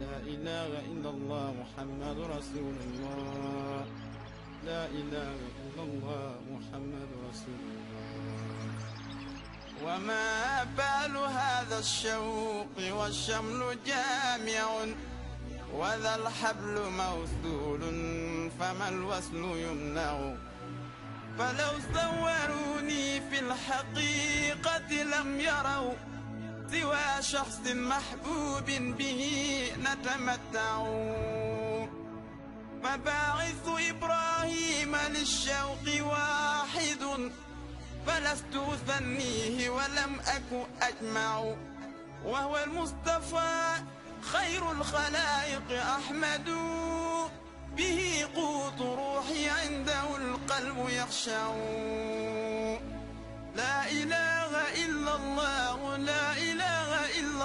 لا إله إلا الله محمد رسول الله لا إله إلا الله محمد رسول الله وما بال هذا الشوق والشمل جامع وذا الحبل موصول فما الوصل يمنع فلو صوروني في الحقيقة لم يروا سوى شخص محبوب به نتمتع مباعث إبراهيم للشوق واحد فلست أثنيه ولم أك أجمع وهو المصطفى خير الخلائق أحمد به قوت روحي عنده القلب يخشع لا إله إلا الله لا إله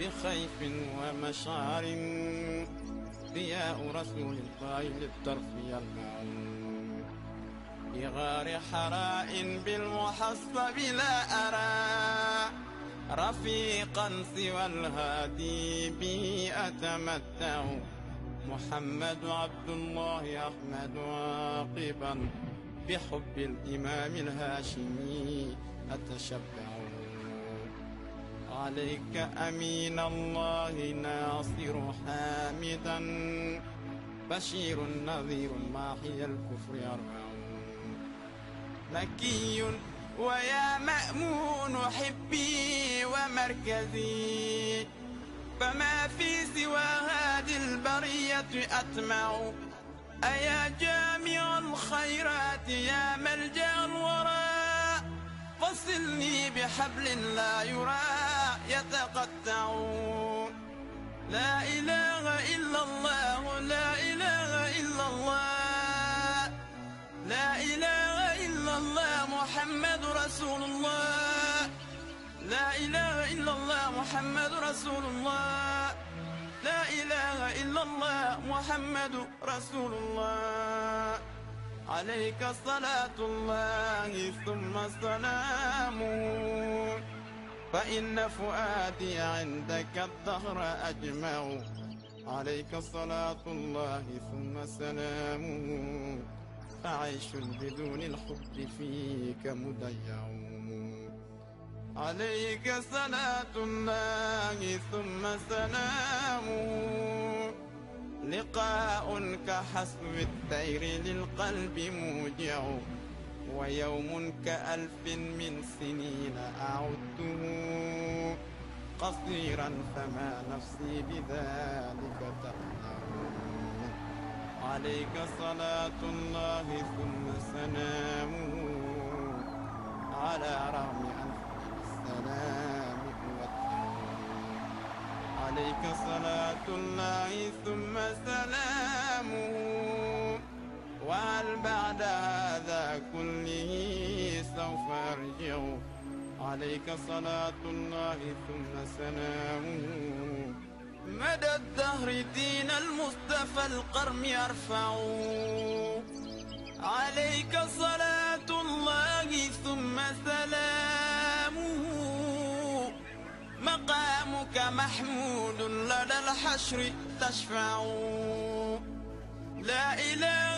بخيف ومشعر ضياء رسول الله للطرف يلمعون بغار حراء بالمحصب لا أرى رفيقا سوى الهادي به أتمتع محمد عبد الله أحمد عاقبا بحب الإمام الهاشمي أتشبع عليك أمين الله ناصر حامدا بشير نذير ماحي الكفر يرعون مكي ويا مأمون حبي ومركزي فما في سوى هذه البرية أتمع أيا جامع الخيرات يا ملجأ الورى فصلني بحبل لا يرام يتقطعون لا إله إلا الله لا إله إلا الله لا إله إلا الله محمد رسول الله لا إله إلا الله محمد رسول الله لا إله إلا الله محمد رسول الله عليك صلاة الله ثم سلامه فإن فؤادي عندك الدهر أجمع عليك صلاة الله ثم سلامه فعيش بدون الحب فيك مضيع عليك صلاة الله ثم سلامه لقاء كحسب الدير للقلب موجع ويوم كألف من سنين أعدته قصيرا فما نفسي بذلك تألم عليك صلاة الله ثم سلامه على رغم أنفه السلام عليك صلاة الله ثم سلامه وهل بعد هذا كله سوف أرجع عليك صلاة الله ثم سلامه مدى الدهر دين المصطفى القرم يرفع عليك صلاة الله ثم سلامه مقامك محمود لدى الحشر تشفع لا إله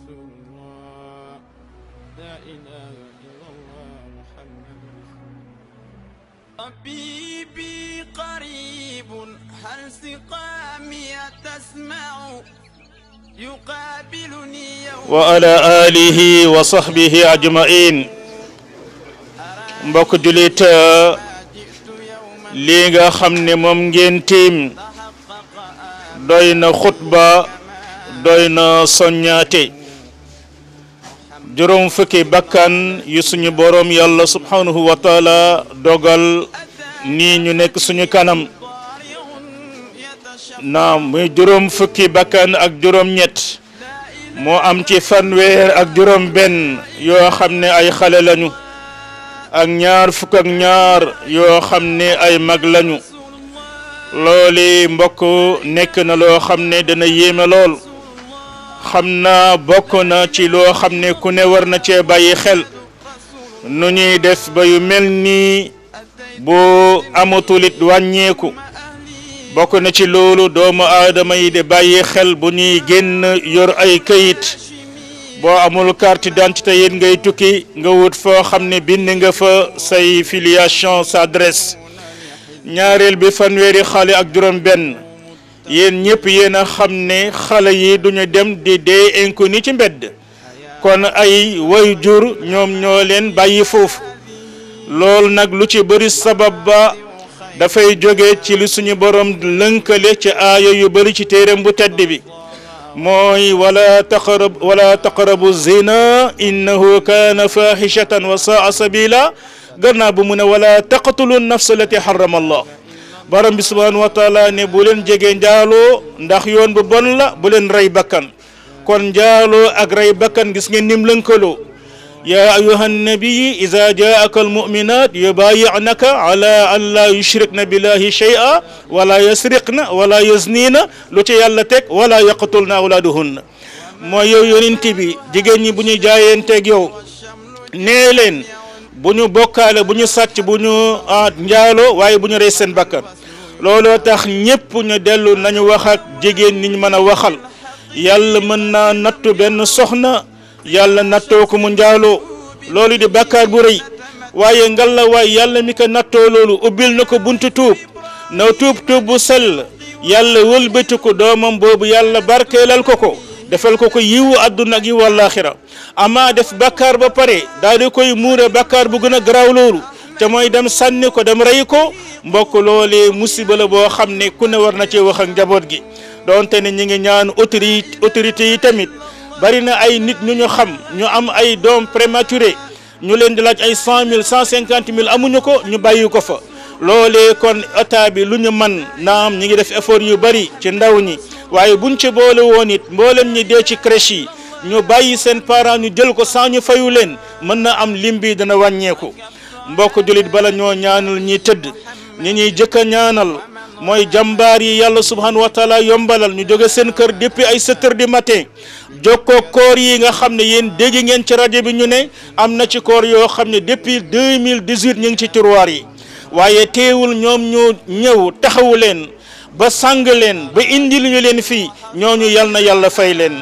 رسول الله لا إله إلا الله محمد رسول الله طبيبي قريب هل سقامي تسمع يقابلني يوم وعلى آله وصحبه أجمعين mbokk jullit lii nga xam ne moom ngeen tiim doy na xutba doy na soññaate juróom fukki bakkan yu suñu boroom yàlla subhanahu wa taala dogal nii ñu nekk suñu kanam naam muy juróom fukki bakkan ak juróom ñett moo am ci fanweer ak juróom benn yoo xam ne ay xale lañu ak ñaar fukk ñaar yoo xam ne ay mag lañu looli mbokk nekk na loo xam ne dana yéeme lool xam naa bokk na ci loo xam ne ku ne war na cee bàyyi xel nu ñuy def ba yu mel nii bu amatulit wàññeeku bokk na ci loolu doomu aadama yi de bàyyi xel bu ñuy génn yor ay këyit boo amul carte d'identité yéen ngay tukki nga wut foo xam ne bind nga fa say filiation sa adresse ñaareel bi fanweeri xale ak juróom benn yéen ñëpp yéen a xam ne xale yi duñu dem di dee inconnu ci mbedd kon ay way jur ñoom ñoo leen bàyyi foofu loolu nag lu ci bëri sabab ba dafay jóge ci li suñu borom lënkale ci aaya yu bëri ci téeram bu tedd bi mooy wala taqarab wala taqarabu zina innahu kaana fahishatan wa sabila gannaaw bu mu ne wala taqatulu nafsa allati allah borom bi subhanahu wa taala ne bu leen jege njaaloo ndax yoon bu bon la bu leen rey bakkan kon njaaloo ak rey bakkan gis ngeen nim lënkaloo yaa ayyuhan nabii ida jaaka almuminat yubaayinaka ala an laa yushrikna billahi shay'a wala yasriqna wala yasniina lu ci yàlla teg wala yaqtulna awlaaduhunna mooy yow yonent bi jigéen ñi bu ñu jaayenteeg yow nee leen bu ñu bokkaale bu ñu sàcc bu ñu ah, njaaloo waaye bu ñu rey seen bakkan looloo tax ñépp ñu dellu nañu wax ak jigéen niñ mën a waxal yàlla mën naa nattu benn soxna yàlla nattoo ko mu njaaloo loolu di bàkkaar bu rëy waaye ngalla waay yàlla mi ko nattoo loolu ubbil na ko buntu tuub na tuub tuub bu sell yàlla wëlbati ko doomam boobu yàlla barkeelal ko ko defal ko ko yiwu àdduna ak yiwu àllaaxira ama def bàkkaar ba pare daal di koy muure bàkkaar bu gën a garaaw loolu te mooy dem sànni ko dem rey ko mbokk loole musiba la boo xam ne ku ne war na cee wax ak njaboot gi donte ne ñi ngi ñaan autorité autorité yi tamit bari na ay nit ñu ñu xam ñu am ay doom prématuré ñu leen di laaj ay cent mille cent cinquante mille amuñu ko ñu bàyyi ko fa loole kon état bi lu ñu man naam ñi ngi def effort yu bari ci ndaw ñi waaye buñ ci boole woon it mboolem ñi dee ci crèche yi ñu bàyyi seen parents ñu jël ko sans ñu fayu leen mën na am lim dana wàññeeku mbokk jullit bala ñoo ñaanal ñi tëdd ñi ñuy jëkk a ñaanal mooy jàmbaar yi yàlla subhanahu wa taala yombalal ñu jóge seen kër depuis ay sept heures du matin jokkoo koor yi nga xam ne yéen dégg ngeen ci rajo bi ñu ne am na ci koor yoo xam ne depuis deux mille dix-huit ñu ngi ci tiroir yi waaye teewul ñoom ñu ñëw taxawu leen ba sàng leen ba indi lu ñu leen fii ñooñu yal na yàlla fay leen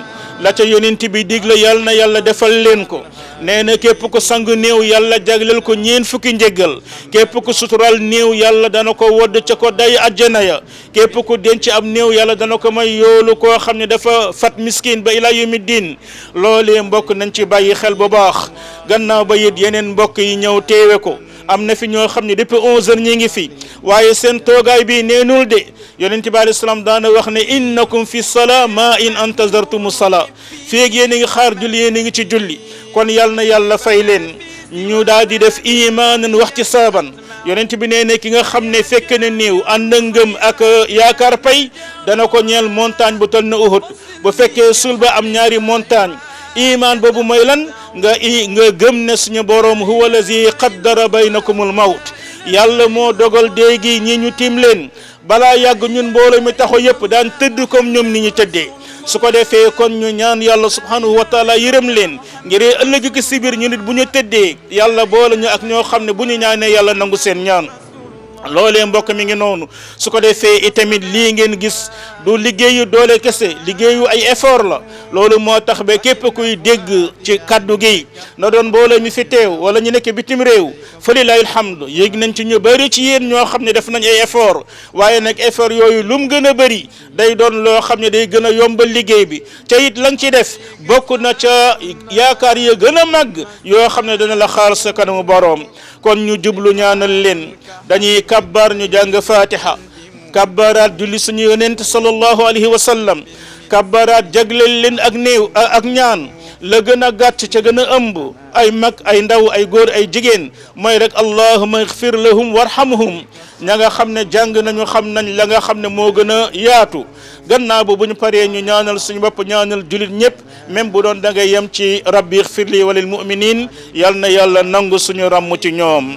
la ca yonent bi digle yal na yàlla defal leen ko nee na képp ko sang néew yàlla jagleel ko ñeen fukki njégal képp ko sutural néew yàlla dana ko wodd ca ko day àjjana ya képp ku denc ab néew yàlla dana ko may yoolu koo xam ne dafa fat miskin ba ilaa yawmi diin loolee mbokk nañ ci bàyyi xel bu baax gannaaw ba it yeneen mbokk yi ñëw teewe ko am na fi ñoo xam ne depuis onze heures ñi ngi fi waaye seen toogaay bi neenul de yonent bi alei salaam daana wax ne innakum fi salaa ma in antazartumu salaa féeg yéen a ngi xaar julli yéen ngi ci julli kon yal na yàlla fay leen ñu daal di def imaanan waxti saaban yonent bi nee ne ki nga xam ne fekke ne néew ànd a ngëm ak euh, yaakaar pay dana ko ñeel montagne bu tol na Uhud ba fekkee sul ba am ñaari montagne iman boobu mooy lan nga i nga gëm ne suñu boroom huwa lazi qaddara baynakumul mawt yàlla moo dogal dee ñi ñu tiim leen balaa yàgg ñun mbooloo mi taxaw yëpp daan tëdd comme ñoom ni ñu tëddee su ko defee kon ñu ñaan yàlla subhanahu wa taala yërëm leen ngir ëllëg ki si biir ñu nit bu ñu tëddee yàlla boole ñu ak ñoo xam ne bu ñu ñaanee yàlla nangu seen ñaan loolee mbokk mi ngi noonu su ko defee itamit lii ngeen gis du liggéeyu doole kese liggéeyu ay effort la loolu moo tax ba képp kuy dégg ci kàddu gi na doon mbooloo mi fi teew wala ñu nekk bitim réew falilaahi alhamdu yéeg nañ ci ñu bëri ci yéen ñoo xam ne def nañ ay effort waaye nag effort yooyu lu mu gën a bëri day doon loo xam ne day gën a yombal liggéey bi te it la nga ci def bokk na ca yaakaar ya gën a màgg yoo xam ne dana la xaar sa kanamu boroom kon ñu jublu ñaanal leen dañuy kabbar ñu jàng fatiha kabbaraat julli suñu yonent sallallahu alayhi wa sallam kabbaraat jagleel leen ak néew ak ñaan la gën a gàtt ca gën a ëmb ay mag ay ndaw ay góor ay jigéen mooy rek allahuma ixfir lahum warhamhum ña nga xam ne jàng nañu xam nañ la nga xam ne moo gën a yaatu gannaaw bu bu ñu paree ñu ñaanal suñu bopp ñaanal julit ñëpp même bu doon da ngay yem ci rabbi ixfir wa walil muminin yal na yàlla nangu suñu ràmm ci ñoom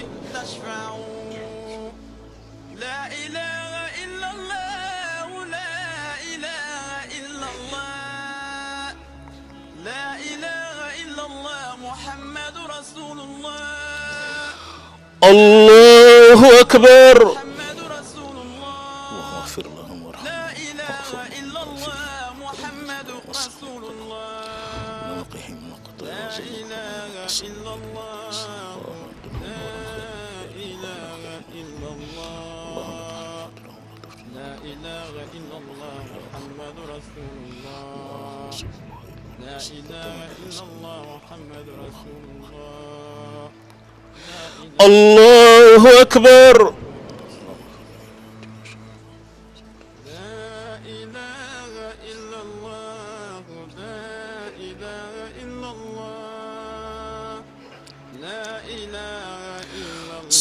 أكبر واغفر لهم وارحمهم محمد رسول الله وقهم وقضى إلا الله لا إله إلا الله لا إله إلا الله محمد رسول الله لا إله إلا الله محمد رسول الله allahu akbar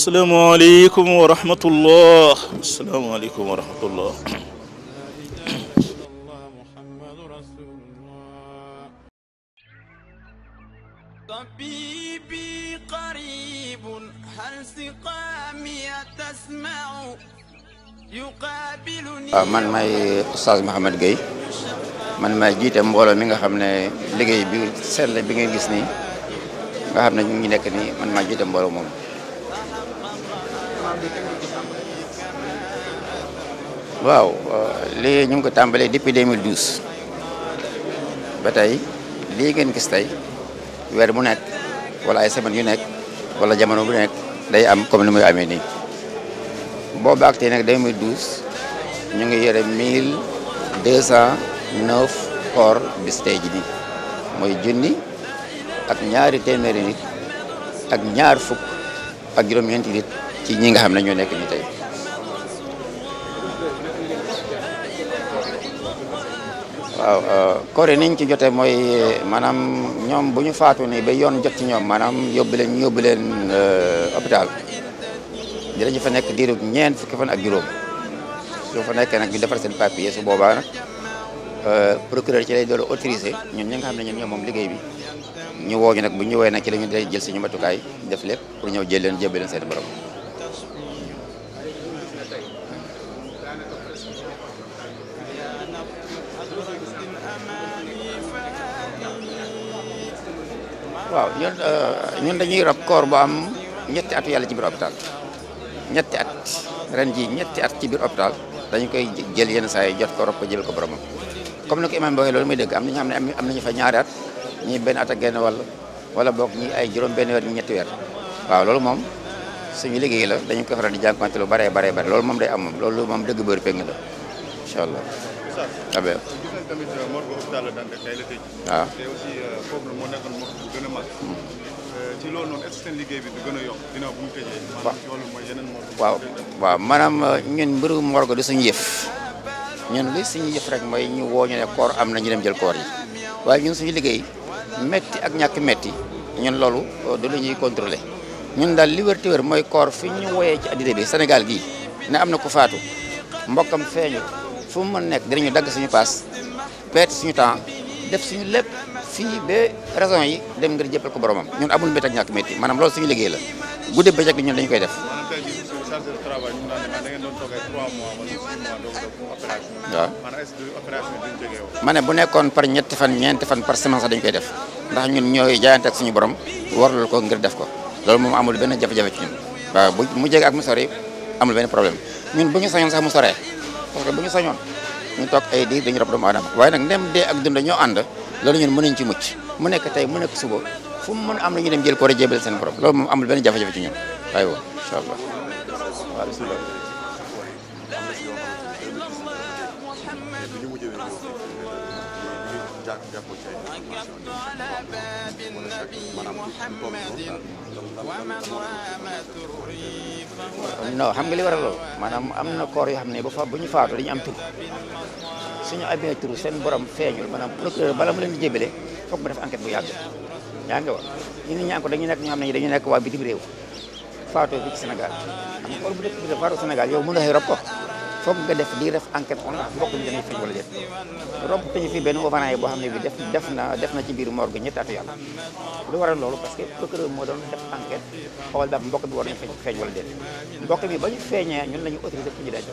asalaamaaleykum wa rahmatullah asalaamaaleykum wa rahmatullah man may Oustaz Mouhamed Gueye man may jiite mbooloo mi nga xam ne liggéey bi sell bi ngeen gis ni nga xam ne ñu ngi nekk nii man maa jiite mbooloo moom. waaw euh, lii ñu ngi ko tàmbalee depuis 2012 ba tey lii ngeen gis tey weer bu nekk wala ay semaine yu nekk wala jamono bu nekk day am comme ni muy amee nii boo baagtee nag 2012. ñu ngi yore mille deux cent neuf corps bis tey ji nii mooy junni ak ñaari téeméeri nit ak ñaar fukk ak juróom-ñeenti nit ci ñi nga xam ne ñoo nekk ni tey waaw euh, niñ ci jote mooy maanaam ñoom bu ñu faatu ni ba yoon jot ci ñoom maanaam yóbbu ñu yóbbu leen euh, hôpital dinañu fa nekk diirub ñeent fukki fan ak juróom su fa nekkee nag ñu defar seen papier su boobaa nag euh, procureur ci lay doolu autorisé ñun ñi nga xam ne ñoom ñoo moom liggéey bi ñu woo ñu nag bu ñu woowee nag ci la ñu day jël suñu matukaay def lépp pour ñëw jël leen jébbi leen seen borom. waaw ñun euh, ñun dañuy rob koor bu am ñetti atu yàlla ci biir hôpital ñetti at ren jii ñetti at ci biir hôpital. dañu koy jël yenn saa yi jot ko rob ko jël ko boromam comme ni ko imaam bi waxee loolu muy dëgg am na ñoo xam ne am nañu fa ñaari at ñii benn at ak genn wàll wala boog ñi ay juróom benn weer ñi ñetti weer waaw loolu moom suñu liggéey la dañu ko faral di jànkuwante lu bare bare bare loolu moom day am moom loolu moom dëgg bëri péng la incha allah. abe waaw. loolu noonu liggéey bi du gën waaw loolu mooy yeneen waaw waaw maanaam euh, ñun mbirum morgue du suñ yëf ñun li suñu yëf rek mooy ñu woo ne koor am na ñu dem jël koor yi waaye ñun suñu liggéey metti ak ñàkk metti ñun loolu euh, du lu ñuy contrôler ñun daal liberté wér mooy koor fi ñu woyee ci addina bi Sénégal gi ne am na ku faatu mbokkam feeñu fu mu mën nekk dinañu dagg suñu paas perte suñu temps def suñu lépp. fii ba raison yi dem ngir jëppal ko boromam ñun amul métti ak ñàkk métti maanaam loolu suñu liggéey la guddi bëccëg ñun dañu koy def. waaw ma ne bu nekkoon par ñetti fan ñeenti fan par semaine sax dañu koy def ndax ñun ñoo jaayante ak suñu borom warlul ko ngir def ko loolu moom amul benn jafe-jafe ci waaw bu mu jege ak mu sori amul benn problème ñun bu ñu sañoon sax mu soree parce que bu ñu sañoon ñu toog ay diir dañu rab doomu aadama waaye nag ndem dee ak dund ñoo ànd loolu ñun mënuñ ci mucc mu nekk tey mu nekk suba fu mu mën am na ñu dem jël ko rek seen borom loolu moom amul benn jafe-jafe ci ñun waaye woon incha allah waaw bisimilah non xam nga maanaam am na koor yoo xam ne ba bu ñu faatu dañu am tur suñu amee tur seen borom feeñul maanaam procureur bala mu leen di jébale foog mu def enquête bu yàgg yaa ngi wax ñu nit ñaa ko dañu nekk ñoo dañu nekk waa bitim réew faatoo fii ci Sénégal am xool bu dëkk yow mën na xëy ko foog nga def di def enquête on mbokk ñu dañuy feeñ wala déet rob te benn overnight boo xam ne bi def def na def na ci biir morgue ñetti atu yàlla parce que procureur moo doon xool daal mbokk bi war nañu feeñ feeñ wala déet mbokk bi ba ñu feeñee ñun la ñu autorisé pour ñu denc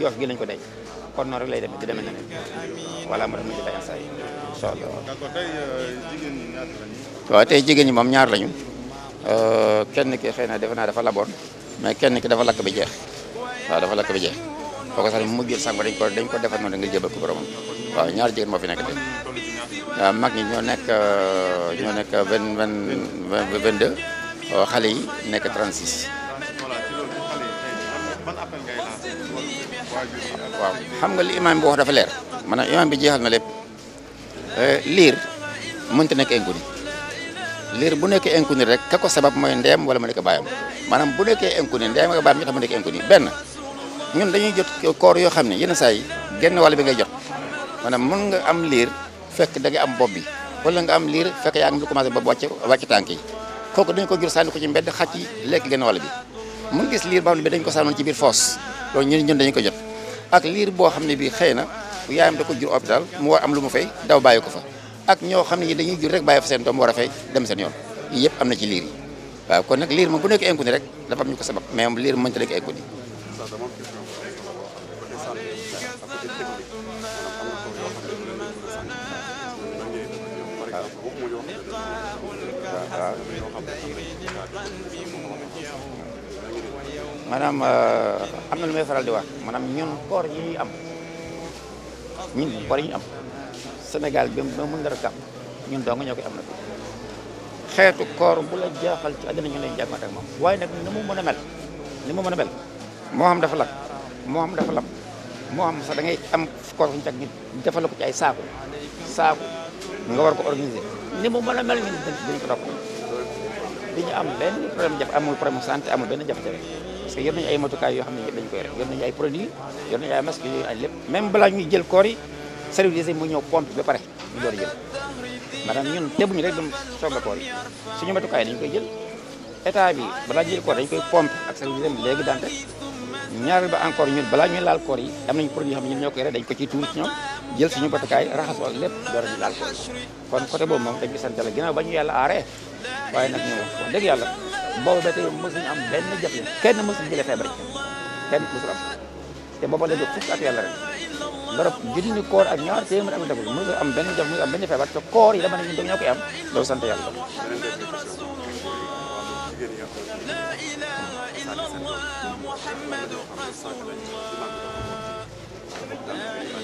yoof gi lañ ko denc kon noonu rek lay demee di demee na ne voilà ma dama ci bay ansay incha allah euh, waaw tey jigéen ñi moom ñaar lañu euh, kenn ki xëy na defe naa dafa laboon mais kenn ki dafa lakk bi jeex waaw dafa lakk bi jeex boo ko sax mu mujjul sànq dañ ko dañ ko defar noonu da nga jébal ko boromam waaw ñaar jigéen moo fi nekk tey waaw mag ñi ñoo nekk euh, vingt vingt vingt deux xale yi nekk 36 waaw xam nga li imaam bi dafa leer maanaam imaam bi jeexal na lépp eh, liir mun mënta nekk inconnu liir bu nekkee inconnu rek ka ko sabab mooy ndeem wala mu nekk baayam maanaam bu nekkee inconnu ndeem ak baayam ñu tax mu nekk inconnu benn ñun dañuy jot koor yoo xam ne yenn saa yi genn wàll bi ngay jot maanaam mën nga am liir fekk da nga am bopp bi wala nga am liir fekk yaa ngi lu commencé bopp wàcc wàcc tànk yi kooku dañ ko jur sànni ko ci mbedd xàcc lekk genn wàll bi mu gis liir bam bi dañ ko sànnoon ci biir foos loolu ñun ñun ko jot ak liir boo xam ne bii xëy na yaayam da ko jur hôpital mu war am lu mu fay daw bàyyi ko fa ak ñoo xam ne ñi dañuy jur rek bàyyi fa seen doom war a fay dem seen yoon yii yëpp am na ci liir yi waaw kon nag liir moom bu nekk inconnu rek dafa am ñu ko sabab mais moom liir mënta nekk inconnu maanaam euh, am na lu may faral di wax maanaam ñun koor yi ñuy am ñun koor ñu am Sénégal bi ba mën dara kàpp ñun dong ñoo koy am na fi xeetu koor bu la jaaxal ci àddina ñu lay jàngat moom waaye nag ni mu mën a mel ni mu mën mel moo am dafa lakk moo xam dafa lam moo xam sax da am koor fu ñu teg ñu defal ko ci ay saaku saaku nga war ko organiser ni mu mën a mel ñun dañ ko dopp ñu am benn problème jafe amul problème santé amul benn jafe-jafe parce que yor nañu ay matukaay yoo xam ne yëpp dañu koy rek yor nañu ay produit yor nañu ay masque yor nañu ay lépp même balaa ñuy jël koor yi service mu ñëw pompe ba pare ñu door dem soog a koor yi suñu matukaay dañu koy jël état bi balaa ñuy jël koor dañu koy pompe ak service léegi daan rek ñaareel ba encore ñun balaa ñuy laal koor yi am nañu produit yoo xam ne ñun ñoo koy rek dañu ko ciy tuur ci ñoom jël suñu batukaay raxasoo kon côté boobu moom dañ ko sant la ginnaaw ba ñu yàlla aare waaye nag ñu wax yàlla boobu ba tey mësuñu am benn jafe kenn mësuñ jëlee feebar ci kenn mësul am te booba léegi fukk ak yàlla ak ñaar téeméer ak dagul mësul am benn jafe mësul am benn feebar te koor yi dama ne ñun dog ñoo koy am loolu sant yàlla la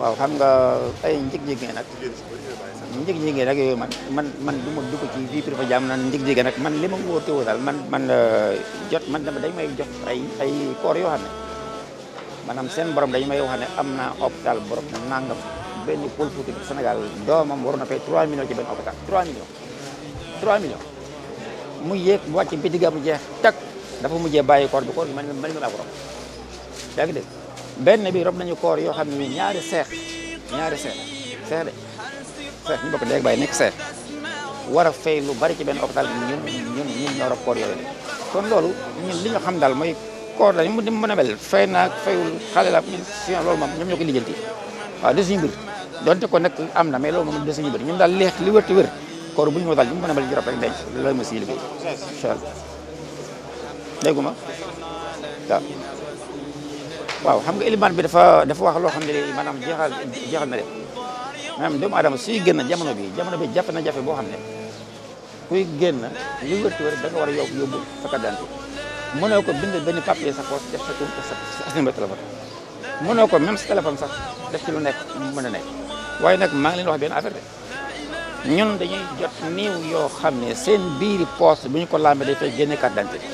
waaw xam nga ay njëg-njëg nag njëg-njëg nag yooyu man man man du ma dugg ci vie privée jàmm na njëg-njëg nag man li ma wóor daal man man euh, jot man dama dañ may jot ay ay koor yoo xam ne maanaam seen borom dañu may wax ne am naa hôpital borom nangam benn pôle Fouta bi Sénégal doomam waroon na fay 3 millions ci benn hôpital 3 millions 3 millions mu yéeg mu wàcc bi digga mu jeex tak dafa mujjee bàyyi koor bi koor bi man man nga laa borom yaa ngi benn bi rob nañu koor yoo xam ne ñaari seex ñaari seex seex de seex ñu bokk dégg bàyyi nekk seex war a lu bari ci benn hôpital ñun ñun ñun ñoo kon loolu li ñu xam daal mooy koor daal mu mën a mel fay naag fayul xale la ñun si loolu ma ñoom ñoo koy lijjanti waaw du suñu mbir donte ko nekk am na mais loolu moom du suñu mbir ñun daal leex li wër te wër koor bu ñu moo daal ñu mën a mel ñu rob rek denc loolu mooy suñu liggéey incha allah dégguma waaw xam nga élimaan bi dafa dafa wax loo xam ne li maanaam jeexal jeexal na rek maanaam doomu aadama suy génn jamono bi jamono bi jafe na jafe boo xam ne kuy génn lu wërti wër da nga war a yow yóbbu sa carte d'identité mënoo ko bind benn papier sa poche def sa tur sa sa numéro téléphone mënoo ko même sa téléphone sax def ci lu nekk mën a nekk waaye nag maa ngi leen wax benn affaire de ñun dañuy jot niiw yoo xam ne seen biiri poche bu ñu ko lambee day fay génne carte d'identité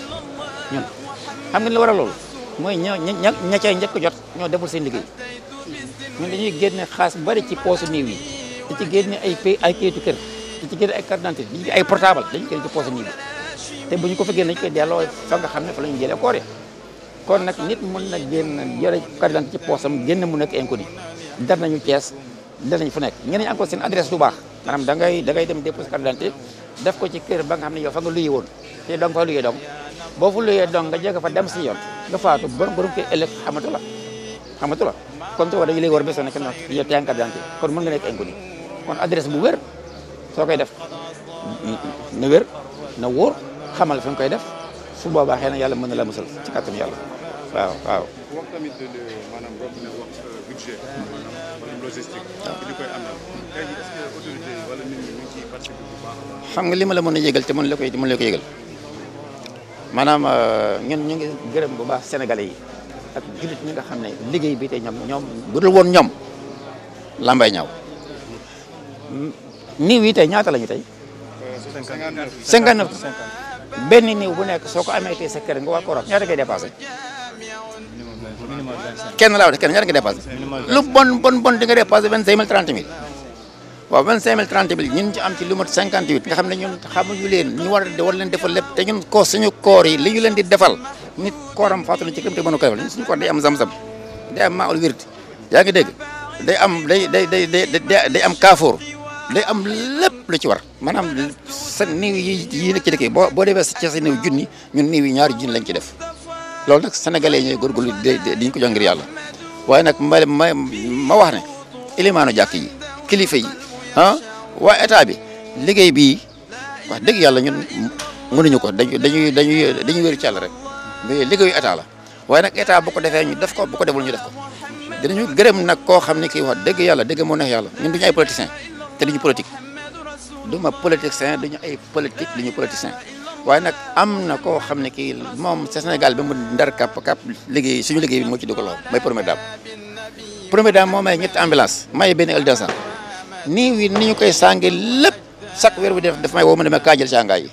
ñun xam nga li war a loolu mooy ña ña ña cay njëkk jot ñoo deful seen liggéey ñun dañuy génne xaas bari ci poosu néew yi di ci génne ay pay ay kayitu kër di ci génne ay carte d'identité di ci ay portable dañu koy ci poosu néew yi te bu ñu ko fa génne dañu koy delloo fa nga xam ne fa la ñu jëlee koor ya kon nag nit mën na génn yore carte d'identité ci poosam génn mu nekk inconnu def nañu Thiès def nañu fu nekk ñeneen encore seen adresse du baax maanaam da ngay da ngay dem déposé carte d'identité def ko ci kër ba nga xam ne yow fa nga luyee woon te doo nga fa luyee dong boo fu luyee donc nga jege fa dem si yoon nga faatu borom borom kër ëllëg xamatu la xamatu la comme tu vois dañu lay war besoin nekk noonu yow yaa ngi carte d'identité kon mën nga nekk bu wér soo koy def na wér koy def su boobaa na yàlla mën na la musal ci kàttan yàlla waaw euh, li koy la mën a yëgal te mën la koy mën la koy maanaam euh, ñun ñu ngi gërëm bu baax sénégalais yi ak jullit ñi nga xam ne liggéey bi tey ñoom ñoom bu dul woon ñoom lambay ñaw mm, niiw yi tey ñaata lañu tey. 59 59 benn niiw bu nekk soo ko amee tey sa kër nga war ko rop ñaata ngay dépassé. kenn laa wax kenn ñaata ngay dépassé. lu bon bon bon di nga dépassé mille trente mille. waaw 25000 30 000 ñun ci am ci lu mat 58 nga xam ne ñun xamuñu leen ñu war war leen defal lépp te ñun ko suñu koor yi li ñu leen di defal nit kooram ko defal day am zam day day am day day day am kaafoor day am lépp lu ci war maanaam sa niiw yi yii nekk ci dëkk yi boo boo defee ci sa niiw junni ñun niiw yi ñaari junni lañ ci def loolu nag sénégalais ñooy góorgóorlu di ñu ko jox yàlla waaye nag ma ma ma wax ne ilimaanu jàkk yi kilifa yi ah waa état bi liggéey bi wax dëgg yàlla ñun mënuñu ko dañuy dañuy dañuy dañuy wér ci yàlla rek mais liggéeyu état la waaye nag état bu ko defee ñu def ko bu ko deful ñu def ko dinañu gërëm nag koo xam ne kii wax dëgg yàlla dëgg moo neex yàlla ñun duñu ay politiciens te duñu politique duma politicien duñu ay politique duñu politicien waaye nag am na koo xam ne kii moom sa bi mu ndar kàpp kàpp liggéey suñu liggéey bi moo ci dugaloo mooy première dame première dame moo may ñetti ambulance may benn L200 nii wi ni ñu koy sànge lépp chaque weer bu def daf may woo ma ne ma kaa jël sàngaay yi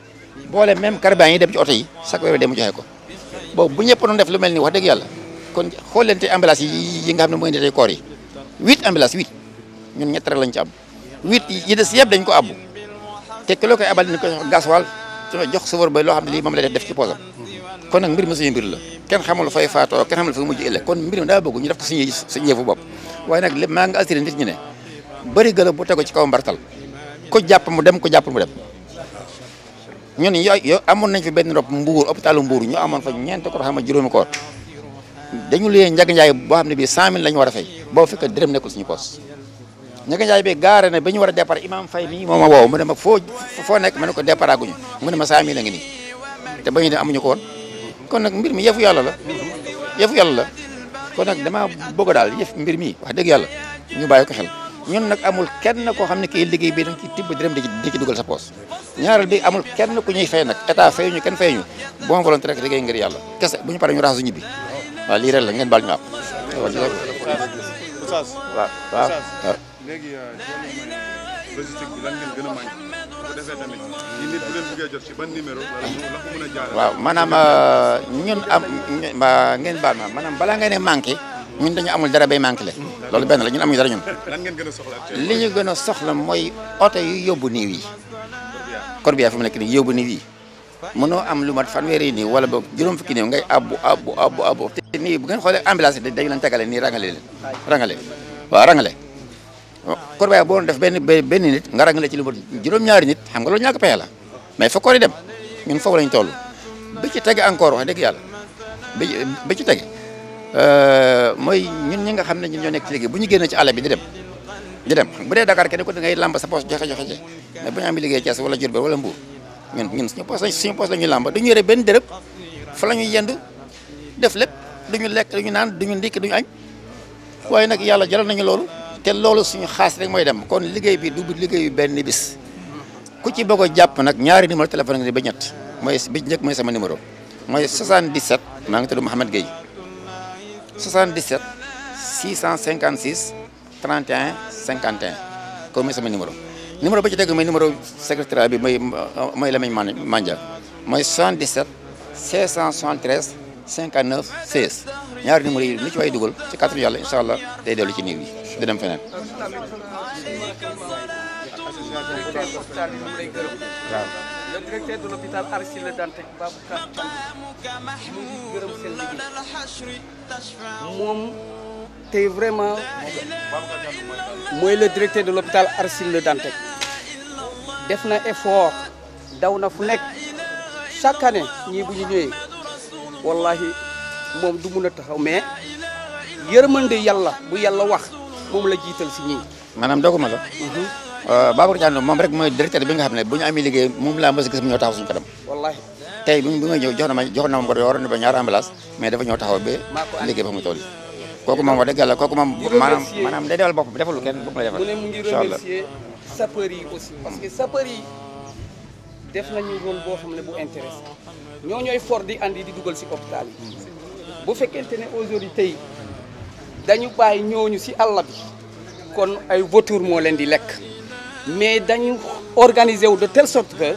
boole même carburant yi dem ci oto yi chaque weer bi dem mu joxe ko boobu bu ñëpp def lu mel ni wax dëgg yàlla kon xool leen te yi yi nga xam ne mooy indi tey koor yi huit ambulance huit ñett rek lañ ci am huit yi des yëpp dañ ko abbu te ku la koy abal dañ koy jox kon nag mbir mi suñu mbir la kenn xamul fay faatoo mujj ëllëg kon mbir mi daa bëgg ñu def ko suñu suñu bopp waaye nag lépp maa ngi assuré nit ñi ne bari gëlëm bu tegu ci kaw mbartal ko jàpp mu dem ko jàpp mu dem yo yooyu amoon nañ fi benn rob mbuur hôpitalu mbuur ñu amoon fa ñeenti koor xam juróomi koor dañu liyee njag-njaay boo xam ne bii 100000 la ñu war a fay boo fekk dërëm nekkul suñu poos njag-njaay bi gaare na ba ñu war a départ imam fay mii moo ma woow mu ne ma foo foo nekk ma ne ko départ aguñu mu ma 100000 la ngi te ba ñu dem amuñu ko kon nag mbir mi yëfu yàlla la yëfu yàlla la kon nag damaa bëgg daal mbir mi wax dëgg yàlla ñu bàyyi ko xel ñun nag amul kenn koo xam ne kii liggéey bi dañ ci tibb dërëm di ci dugal sa poos ñaareel bi amul kenn ku ñuy fay nag état fay ñu kenn fay ñu bon volonté rek liggéey ngir yàlla kese bu ñu paree ñu raxasu ñibbi waaw lii rek la ngeen baal ñu àpp waaw waaw léegi euh, logistique bi lan ngeen a manqué bu ko defee tamit ñi waaw maanaam euh, ñun am ngeen baal ma maanaam balaa ngeen ne manqué ñun dañu amul dara bay manqué le loolu benn la ñun amuñu dara ñun li ñu gën a soxla mooy oto yu yóbbu niiw yi corbillard fi mu nekk nii yóbbu niiw yi mënoo am lu mat fanweeri nii wala boog juróom fukki néew ngay abbu abbu abbu abbu te nii bu ngeen xoolee ambulance yi dañu leen tegale nii rangale leen rangale waaw rangale corbillard boo def benn benn nit nga rangale ci lu mat juróom-ñaari nit xam nga loolu ñàkk pexe la mais fa koor yi dem ñun foofu lañ toll bi ci tege encore wax dëgg yàlla bi bi ci tege Euh, mooy ñun ñi nga xam ne ñun ñoo nekk ci liggéey bu ñu génnee ci àll bi di dem di dem bu dee Dakar kenn ku ne ngay làmb sa poche joxe joxe mais bu ñu am liggéey Thiès wala Diourbel wala Mbour ñun ñun suñu poche suñu poche lañuy ñuy du ñu yore benn dërëb fa la ñuy yend def lépp duñu lekk duñu naan duñu ndikk duñu añ waaye nag yàlla jaral nañu loolu te loolu suñu xaas rek mooy dem kon liggéey bi du liggéeyu benn bis ku ci bëgg jàpp nag ñaari numéro téléphone ba ñett mooy bi njëkk mooy sama numéro mooy 77 maa ngi tudd Mouhamed Gueye 77 656 31 51 kooku mooy sama numéro numéro ba ci tegu mooy numéro secrétariat bi mooy mooy Lamine Mandia mooy 77 673 59 16 ñaari numéro yi lu ci waay dugal ci kàttanu yàlla incha allah day dellu ci néew yi dem feneen. le directeur de l'hôpital Aristide Le Dantec Babacar Thiam moom tey vraiment mooy le directeur de l'hôpital Aristide Le Dantec def na effort daw na fu nekk chaque année ñii bu ñu ñëwee wallahi moom du mun a taxaw mais yërmande yàlla bu yàlla wax moom la jiital si ñii. maanaam doguma la. Mhm. Euh, Babacar Diagne moom rek mooy directeur bi nga xam ne bu ñu amee liggéey moom laa mës a gis mu ñëw taxaw suñu kanam wallahi tey bi bi nga jox na ma jox na ma waroon na ba ñaar ambulance mais dafa ñëw taxaw ba liggéey ba mu toll kooku moom wax dëgg yàlla kooku moom maanaam maanaam day defal boppam defalu kenn boppam yi parce que sapeur yi def nañu rôle boo xam ne bu intéressé ñoo ñooy for di andi di dugal si hôpital yi bu fekkente ne aujourd'hui tey dañu bàyyi ñooñu si àll bi kon ay vautour moo leen di lekk mais dañu organiser wu de telle sort que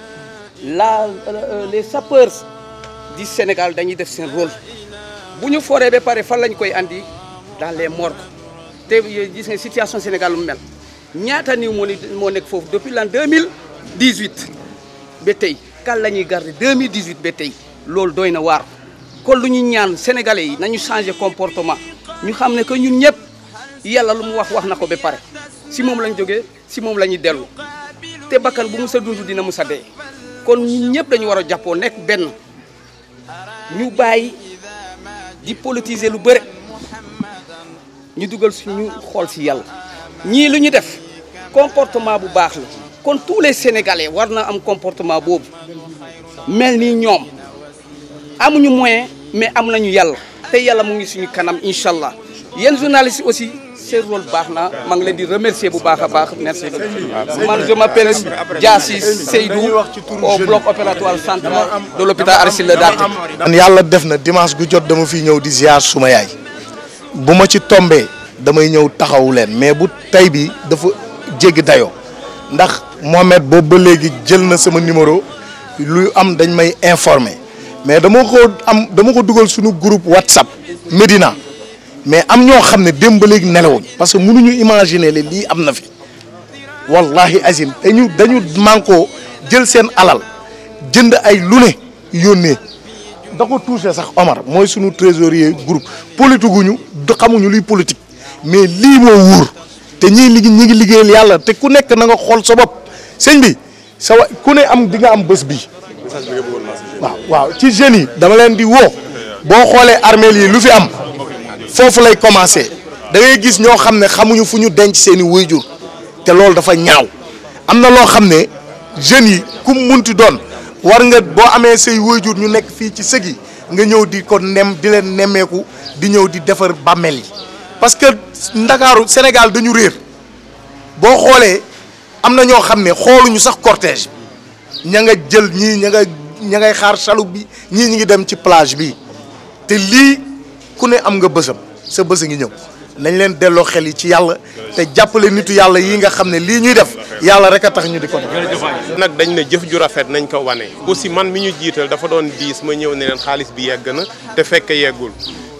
la euh, les sapeurs di Sénégal dañuy def seen rôle bu ñu foree ba pare fan lañ koy andi dans les morgues te euh, gis nga situation Sénégal lu mel ñaata niw moo ni moo nekk foofu depuis l'an 2018 ba tey kan la ñuy garder 2018 ba tey loolu dooy na waar kon lu ñu ñaan sénégalais yi nañu changé comportement ñu xam ne que ñun ñëpp yàlla lu mu wax wax na ko ba pare si moom lañ jógee si moom la ñuy dellu te bakkan bu mu sa dund dina mu sa dee kon ñun ñëpp dañu war a jàppoo nekk benn ñu bàyyi di politiser lu bëre ñu dugal suñu xool si yàlla ñii lu ñu def comportement bu baax la kon tous les sénégalais war na am comportement boobu mel ni ñoom amuñu moyen mais am nañu yàlla te yàlla mu ngi suñu kanam incha allah yéen aussi seen rôle baax na maa ngi leen di remercier bu baax a baax merci. man je m'appelle Diassi Seydou au bloc opératoire central de l'hôpital Aristide Le Dantec. yàlla def na dimanche gu jot dama fi ñëw di ziar suma yaay bu ma ci tombee damay ñëw taxawu leen mais bu tey bi dafa jéggi dayoo ndax Mohamed boobu ba léegi jël na sama numéro lu am dañ may informer mais damoo ko am dama ko dugal suñu groupe WhatsApp Medina. mais am ñoo xam ne démb ba léegi nelawuñ parce que mënuñu imaginer le lii am na fi wallahi azim dañu dañu mànkoo jël seen alal jënd ay lu ne yónnee da ko touché sax Omar mooy sunu trésorier groupe politique guñu xamuñu luy politique mais lii boo wóor te ñii liggéey ñi ngi liggéeyal yàlla te ku nekk nanga xool sa bopp sëñ bi sa ku ne am di nga am bës bi waaw waaw ci jeunes yi dama leen di woo boo xoolee armeel yi lu fi am foofu lay commencé dangay gis ñoo xam ne xamuñu fu ñu denc seeni i te loolu dafa ñaaw am na loo xam ne jeunes yi ku munti doon war nga boo amee say waajur ñu nekk fii ci sëg nga ñëw di ko nem di leen nemmeeku di ñëw di defar bàmmeel yi parce que ndakaaru Sénégal dañu réer boo xoolee am na ñoo xam ne xooluñu sax cortége ña nga jël ñii ña nga ña ngay xaar salu bi ñii ñu ngi dem ci plage bi te lii ku ne am nga bësam sa bës ngi ñëw nañ leen delloo xel yi ci yàlla te jàppale nitu yàlla yi nga xam ne lii ñuy def yàlla rek a tax ñu di ko def. nag dañ ne jëf ju rafet nañ ko wane. aussi man mi ñu jiital dafa doon diis ma ñëw ne leen xaalis bi yegg na te fekk yeggul.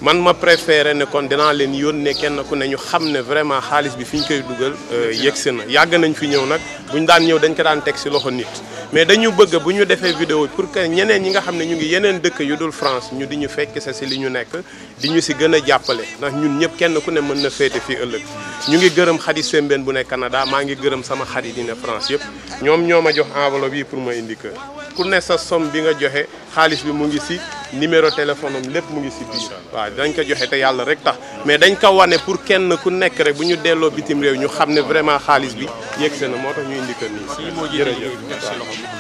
man ma préféré ne kon dinaa leen yónnee kenn ku ne ñu xam ne vraiment xaalis bi fi ñu koy dugal euh, yegsi na yàgg nañ fi ñëw nag bu ñu daan ñëw dañ ko daan teg si loxo nit mais dañu bëgg bu ñu defee vidéo pour que ñeneen ñi nga xam ne ñu ngi yeneen dëkk yu dul France ñu di ñu fekk sa si li ñu nekk di ñu si gën a jàppale ndax ñun ñëpp kenn ku ne mën na féete fii ëllëg ñu ngi gërëm xarit Sembène bu ne Canada maa ngi gërëm sama xarit yi ne France yëpp ñoom ñoo ma jox enveloppe pour ma indi kër ku sa somme bi nga joxe xaalis bi mu ngi si numéro téléphone am lépp mu ngi si biir waaw dañ ko joxe te yàlla rek tax mais dañ ko wane pour kenn ku nekk rek bu ñu delloo bitim réew ñu xam ne vraiment xaalis bi yegse na moo tax ñu indi ko nii jërëjëf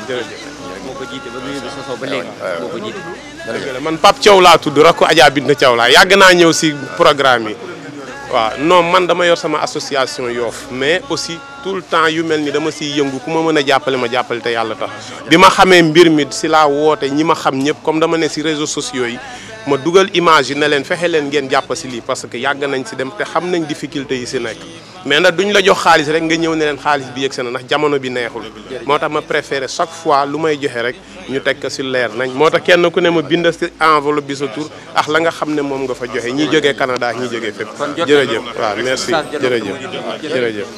jërëjëf dëgg la man Pape Thiaw laa tudd rakku Adja Binta Thiaw laa yàgg naa ñëw si programme yi waaw non man dama yor sama association Yoff mais aussi tout le temps yu mel ni dama siy yëngu ku ma mën a jàppale ma jàppale te yàlla tax bi ma xamee mbir mi si laa woote ñi ma xam ñëpp comme dama ne si réseau sociaux yi ma dugal image yi ne leen fexe leen ngeen jàpp si lii parce que yàgg nañ si dem te xam nañ difficulté yi si nekk mais nag duñ la jox xaalis rek nga ñëw ne leen xaalis bi yëg se na ndax jamono bi neexul moo tax ma préféré chaque fois lu may joxe rek ñu teg ko si leer nañ moo tax kenn ku ne ma bind si enveloppe bi sa tur ak la nga xam ne moom nga fa joxe ñi jógee Canada ñi jógee fépp jërëjëf waaw merci jërëjëf jërëjëf